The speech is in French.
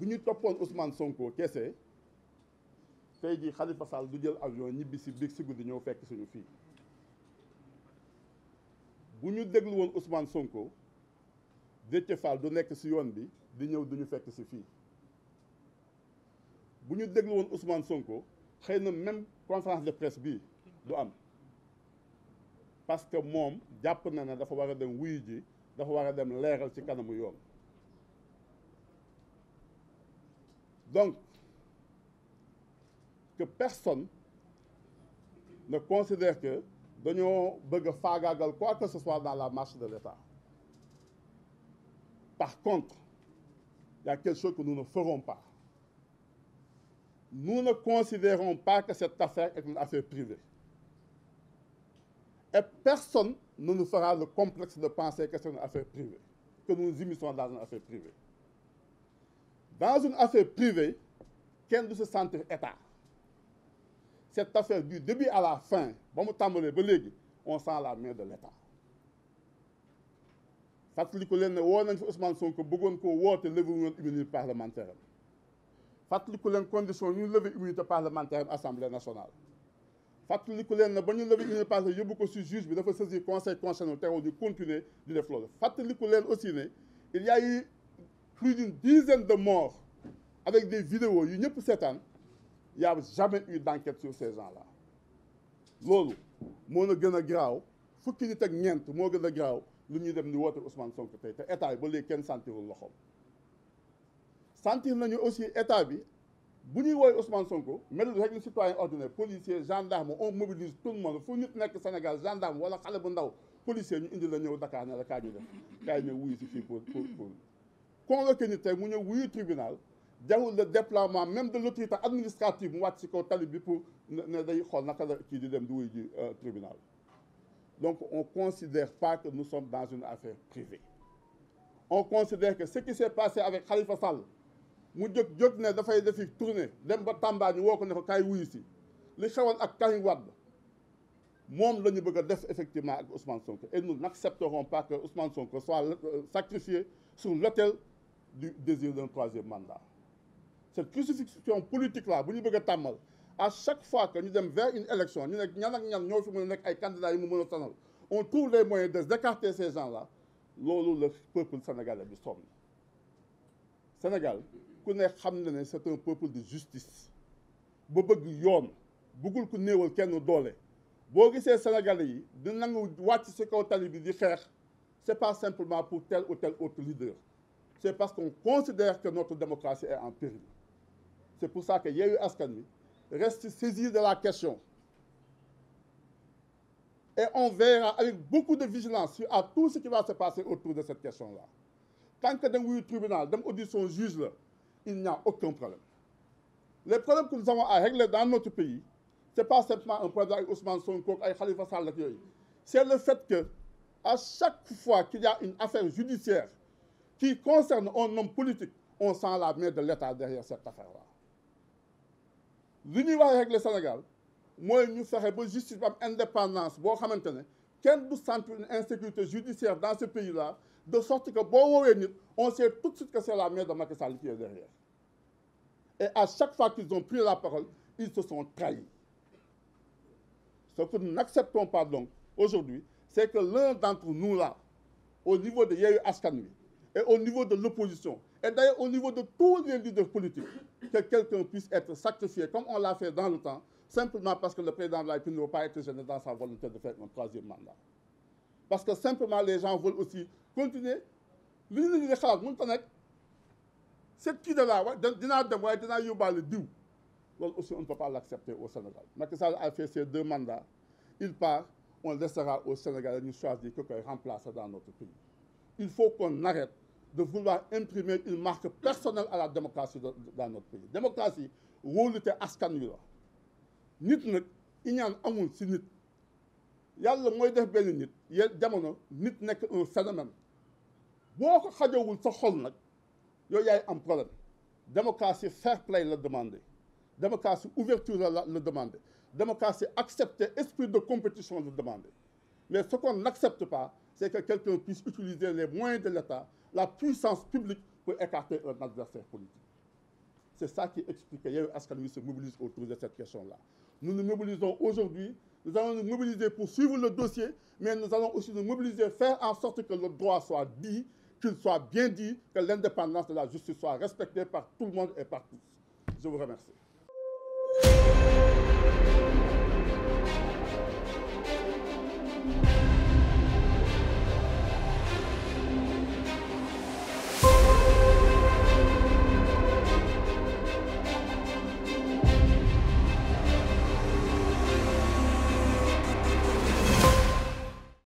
bu ñu toppoon usmaan Sonko kese tey jii Khalifa Sall du jël avion ñibbi si biig si guddi ñëw fekk suñu fii bu ñu déglu woon Ousmane Sonko Déthié Fall du nekk si yoon bi di ñëw duñu fekk si fii bu ñu déglu woon Ousmane Sonko xëy na même conférence de presse bii du am parce que moom jàpp na ne dafa war a dem wuyu ji dafa war a dem leeral ci kanamu yoon. Donc, que personne ne considère que nous quoi que ce soit dans la marche de l'État. Par contre, il y a quelque chose que nous ne ferons pas. Nous ne considérons pas que cette affaire est une affaire privée. Et personne ne nous fera le complexe de penser que c'est une affaire privée, que nous nous immisçons dans une affaire privée dans une affaire privée kenn du se centre état cette affaire du début à la fin ba mu ba léegi on sent la main de l'état fàttali ko leen ne nañ fi Ousmane Sonko bëggoon koo woote lever immunité parlementaire am fàttali condition ñu lever immunité parlementaire assemblée nationale fàttali ko leen ne ba ñu lever immunité parlementaire yóbbu ko mais juge bi dafa saisir conseil constitutionnel terewul ñu continuer de def loolu fàttali ko aussi il y a eu plus d'une dizaine de morts avec des vidéos il n'y il a jamais eu d'enquête sur ces gens-là Lolo, mon na grave a qu'il fukki ait ak ñeent moo gën a lu dem Ousmane Sonko état bi kenn aussi état bi bu Ousmane Sonko citoyen ordinaire policier gendarme on mobilise tout le monde Faut nekk Sénégal gendarme les policier la ñëw Dakar na la ñu def ñëw pour pour tribunal jarul le déploiement même de l'autorité administrative mu wàcc bi pour ne day xool naka la kii di dem euh, tribunal donc on ne considère pas que nous sommes dans une affaire privée on considère que ce qui s'est passé avec Khalifa Sall mu jóg jóg ne dafay defi tournée dem ba Tamba ñu woo ko ne ko kaay wuyu Les li xewoon ak Wad. Wade moom la effectivement ak Ousmane Sonko et nous n'accepterons pas que Ousmane Sonko soit euh, sacrifié sur l'autel du désir d'un troisième mandat cette crucifixion politique là à chaque fois que nous sommes vers une élection nous sommes ñan ak candidats on trouve les moyens de d'écarter ces gens là c'est le peuple sénégalais bi soom Le Sénégal c'est un peuple de justice ba bëgg yoon bëggul ku néewal kenn doole boo gisee sénégalais yi di nangu wàcc ce kaw tali bi di ce c'est pas simplement pour tel ou tel autre leader c'est parce qu'on considère que notre démocratie est en péril c'est pour ça que ce Askani reste saisi de la question. Et on verra avec beaucoup de vigilance à tout ce qui va se passer autour de cette question-là. Tant que dans le tribunal, dans l'audition juge, il n'y a aucun problème. Le problème que nous avons à régler dans notre pays, ce n'est pas simplement un problème avec Ousmane Sonko, Khalifa c'est le fait que à chaque fois qu'il y a une affaire judiciaire qui concerne un homme politique, on sent la main de l'État derrière cette affaire-là li avec le le Sénégal Nous ñu fait ba justice par indépendance boo xamante ne du sentir une insécurité judiciaire dans ce pays là de sorte que si woowee nit on sait tout de suite que c'est la mère de Macky Sall qui est derrière et à chaque fois qu'ils ont pris la parole ils se sont trahis ce que nous n'acceptons pas donc aujourd'hui c'est que l'un d'entre nous là au niveau de Yewwi Askan et au niveau de l'opposition et d'ailleurs, au niveau de tous les leaders politiques, que quelqu'un puisse être sacrifié, comme on l'a fait dans le temps, simplement parce que le président de la République ne veut pas être gêné dans sa volonté de faire un troisième mandat. Parce que simplement, les gens veulent aussi continuer. c'est qui de là, dina de way dina yobal du aussi on ne peut pas l'accepter au Sénégal. Macky Sall a fait ses deux mandats. Il part, on le laissera au Sénégal une choisir de qu'on remplace dans notre pays. Il faut qu'on arrête de vouloir imprimer une marque personnelle à la démocratie dans notre pays démocratie rôle askan wi la nit a pas de si nit Nous mooy def benn nit jamono nit un phénomène boo ko sa xol problème. La am problème démocratie fair play la demander. démocratie ouverture le la démocratie accepter esprit de compétition le demander. mais ce qu'on n'accepte pas c'est que quelqu'un puisse utiliser les moyens de l'État la puissance publique peut écarter un adversaire politique. C'est ça qui explique que Askanoui se mobilise autour de cette question-là. Nous nous mobilisons aujourd'hui, nous allons nous mobiliser pour suivre le dossier, mais nous allons aussi nous mobiliser, faire en sorte que le droit soit dit, qu'il soit bien dit, que l'indépendance de la justice soit respectée par tout le monde et par tous. Je vous remercie.